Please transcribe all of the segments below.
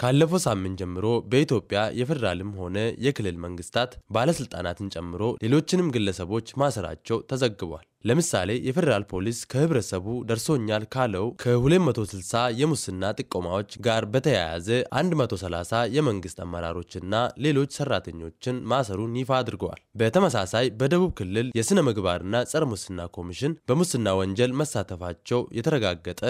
ካለፈው ሳምንት ጀምሮ በኢትዮጵያ የፌዴራልም ሆነ የክልል መንግስታት ባለስልጣናትን ጨምሮ ሌሎችንም ግለሰቦች ማሰራቸው ተዘግቧል። ለምሳሌ የፌዴራል ፖሊስ ከህብረተሰቡ ደርሶኛል ካለው ከ260 የሙስና ጥቆማዎች ጋር በተያያዘ 130 የመንግስት አመራሮችና ሌሎች ሰራተኞችን ማሰሩን ይፋ አድርገዋል። በተመሳሳይ በደቡብ ክልል የሥነ ምግባርና ጸረ ሙስና ኮሚሽን በሙስና ወንጀል መሳተፋቸው የተረጋገጠ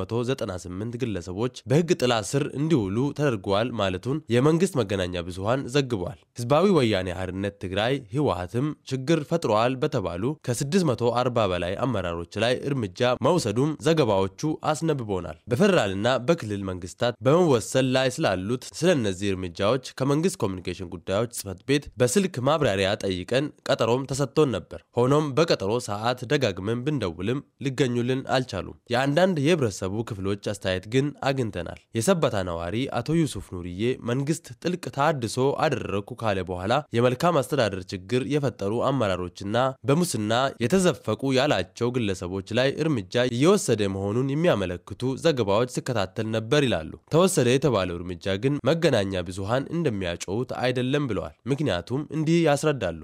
198 ግለሰቦች በህግ ጥላ ስር እንዲውሉ ተደርገዋል ማለቱን የመንግስት መገናኛ ብዙሃን ዘግቧል። ህዝባዊ ወያኔ ሓርነት ትግራይ ህወሀትም ችግር ፈጥሯል በተባሉ ከ600 140 በላይ አመራሮች ላይ እርምጃ መውሰዱም ዘገባዎቹ አስነብቦናል። በፌዴራልና በክልል መንግስታት በመወሰን ላይ ስላሉት ስለነዚህ እርምጃዎች ከመንግስት ኮሚኒኬሽን ጉዳዮች ጽህፈት ቤት በስልክ ማብራሪያ ጠይቀን ቀጠሮም ተሰጥቶን ነበር። ሆኖም በቀጠሮ ሰዓት ደጋግመን ብንደውልም ሊገኙልን አልቻሉም። የአንዳንድ የህብረተሰቡ ክፍሎች አስተያየት ግን አግኝተናል። የሰበታ ነዋሪ አቶ ዩሱፍ ኑርዬ መንግስት ጥልቅ ታድሶ አደረግኩ ካለ በኋላ የመልካም አስተዳደር ችግር የፈጠሩ አመራሮችና በሙስና የተዘ ተዘፈቁ ያላቸው ግለሰቦች ላይ እርምጃ እየወሰደ መሆኑን የሚያመለክቱ ዘገባዎች ሲከታተል ነበር ይላሉ። ተወሰደ የተባለው እርምጃ ግን መገናኛ ብዙሃን እንደሚያጮሁት አይደለም ብለዋል። ምክንያቱም እንዲህ ያስረዳሉ።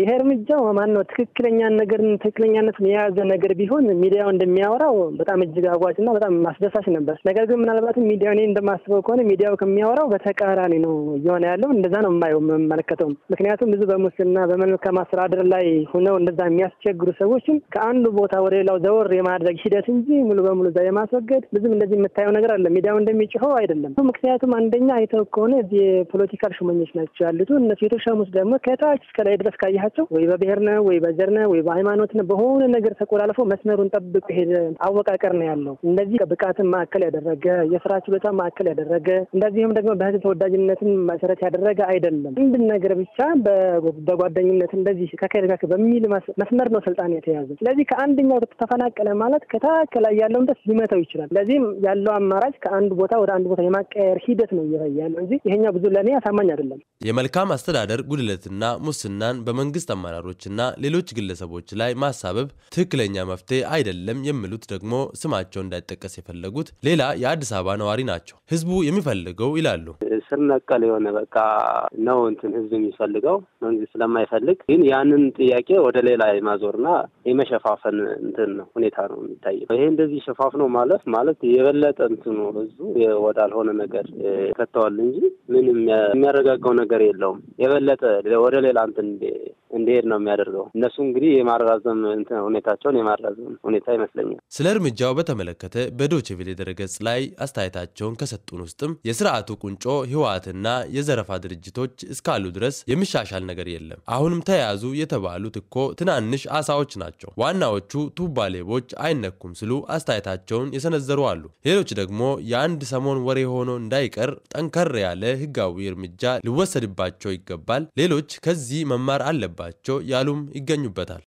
ይሄ እርምጃው ማን ነው ትክክለኛ ነገር ትክክለኛነቱን የያዘ ነገር ቢሆን ሚዲያው እንደሚያወራው በጣም እጅግ አጓጭ እና በጣም አስደሳች ነበር። ነገር ግን ምናልባትም ሚዲያው እኔ እንደማስበው ከሆነ ሚዲያው ከሚያወራው በተቃራኒ ነው እየሆነ ያለው። እንደዛ ነው የማየው የምመለከተውም። ምክንያቱም ብዙ በሙስና በመልካም አስተዳደር ላይ ሁነው እንደዛ የሚያስቸግሩ ሰዎችም ከአንዱ ቦታ ወደ ሌላው ዘወር የማድረግ ሂደት እንጂ ሙሉ በሙሉ እዛ የማስወገድ ብዙም እንደዚህ የምታየው ነገር አለ። ሚዲያው እንደሚጮኸው አይደለም። ምክንያቱም አንደኛ አይተው ከሆነ የፖለቲካል ሹመኞች ናቸው ያሉት። እነሱ የተሻሙት ደግሞ ከታች እስከላይ መቅደስ ካያቸው ወይ በብሔር ነ ወይ በዘር ነ ወይ በሃይማኖት ነ በሆነ ነገር ተቆላልፎ መስመሩን ጠብቆ ሄደ አወቃቀር ነው ያለው። እንደዚህ ብቃትን ማዕከል ያደረገ የስራ ችሎታ ማዕከል ያደረገ እንደዚሁም ደግሞ በህዝብ ተወዳጅነትን መሰረት ያደረገ አይደለም። አንድን ነገር ብቻ በጓደኝነት እንደዚህ ከከደጋክ በሚል መስመር ነው ስልጣን የተያዘ። ስለዚህ ከአንደኛው ተፈናቀለ ማለት ከታች ላይ ያለውን ደስ ሊመታው ይችላል። ስለዚህም ያለው አማራጭ ከአንድ ቦታ ወደ አንድ ቦታ የማቀያየር ሂደት ነው እየታየ ያለው እንጂ ይሄኛው ብዙ ለእኔ አሳማኝ አይደለም። የመልካም አስተዳደር ጉድለትና ሙስና ጫናን በመንግስት አመራሮችና ሌሎች ግለሰቦች ላይ ማሳበብ ትክክለኛ መፍትሄ አይደለም የሚሉት ደግሞ ስማቸው እንዳይጠቀስ የፈለጉት ሌላ የአዲስ አበባ ነዋሪ ናቸው። ህዝቡ የሚፈልገው ይላሉ ስር ነቀል የሆነ በቃ ነው እንትን ህዝብ የሚፈልገው መንግስት ስለማይፈልግ ግን ያንን ጥያቄ ወደ ሌላ የማዞርና የመሸፋፈን እንትን ሁኔታ ነው የሚታይ። ይሄ እንደዚህ ሸፋፍኖ ማለፍ ማለት የበለጠ እንትኑ ህዝቡ ወዳልሆነ ነገር ከተዋል እንጂ ምንም የሚያረጋጋው ነገር የለውም። የበለጠ ወደ ሌላ እንትን the እንዲሄድ ነው የሚያደርገው። እነሱ እንግዲህ የማራዘም ሁኔታቸውን የማራዘም ሁኔታ ይመስለኛል። ስለ እርምጃው በተመለከተ በዶቼ ቬለ ድረገጽ ላይ አስተያየታቸውን ከሰጡን ውስጥም የስርዓቱ ቁንጮ ህወሓትና የዘረፋ ድርጅቶች እስካሉ ድረስ የሚሻሻል ነገር የለም። አሁንም ተያያዙ የተባሉት እኮ ትናንሽ አሳዎች ናቸው፣ ዋናዎቹ ቱባ ሌቦች አይነኩም ሲሉ አስተያየታቸውን የሰነዘሩ አሉ። ሌሎች ደግሞ የአንድ ሰሞን ወሬ ሆኖ እንዳይቀር ጠንከር ያለ ህጋዊ እርምጃ ሊወሰድባቸው ይገባል። ሌሎች ከዚህ መማር አለባቸው አላቸው ያሉም ይገኙበታል።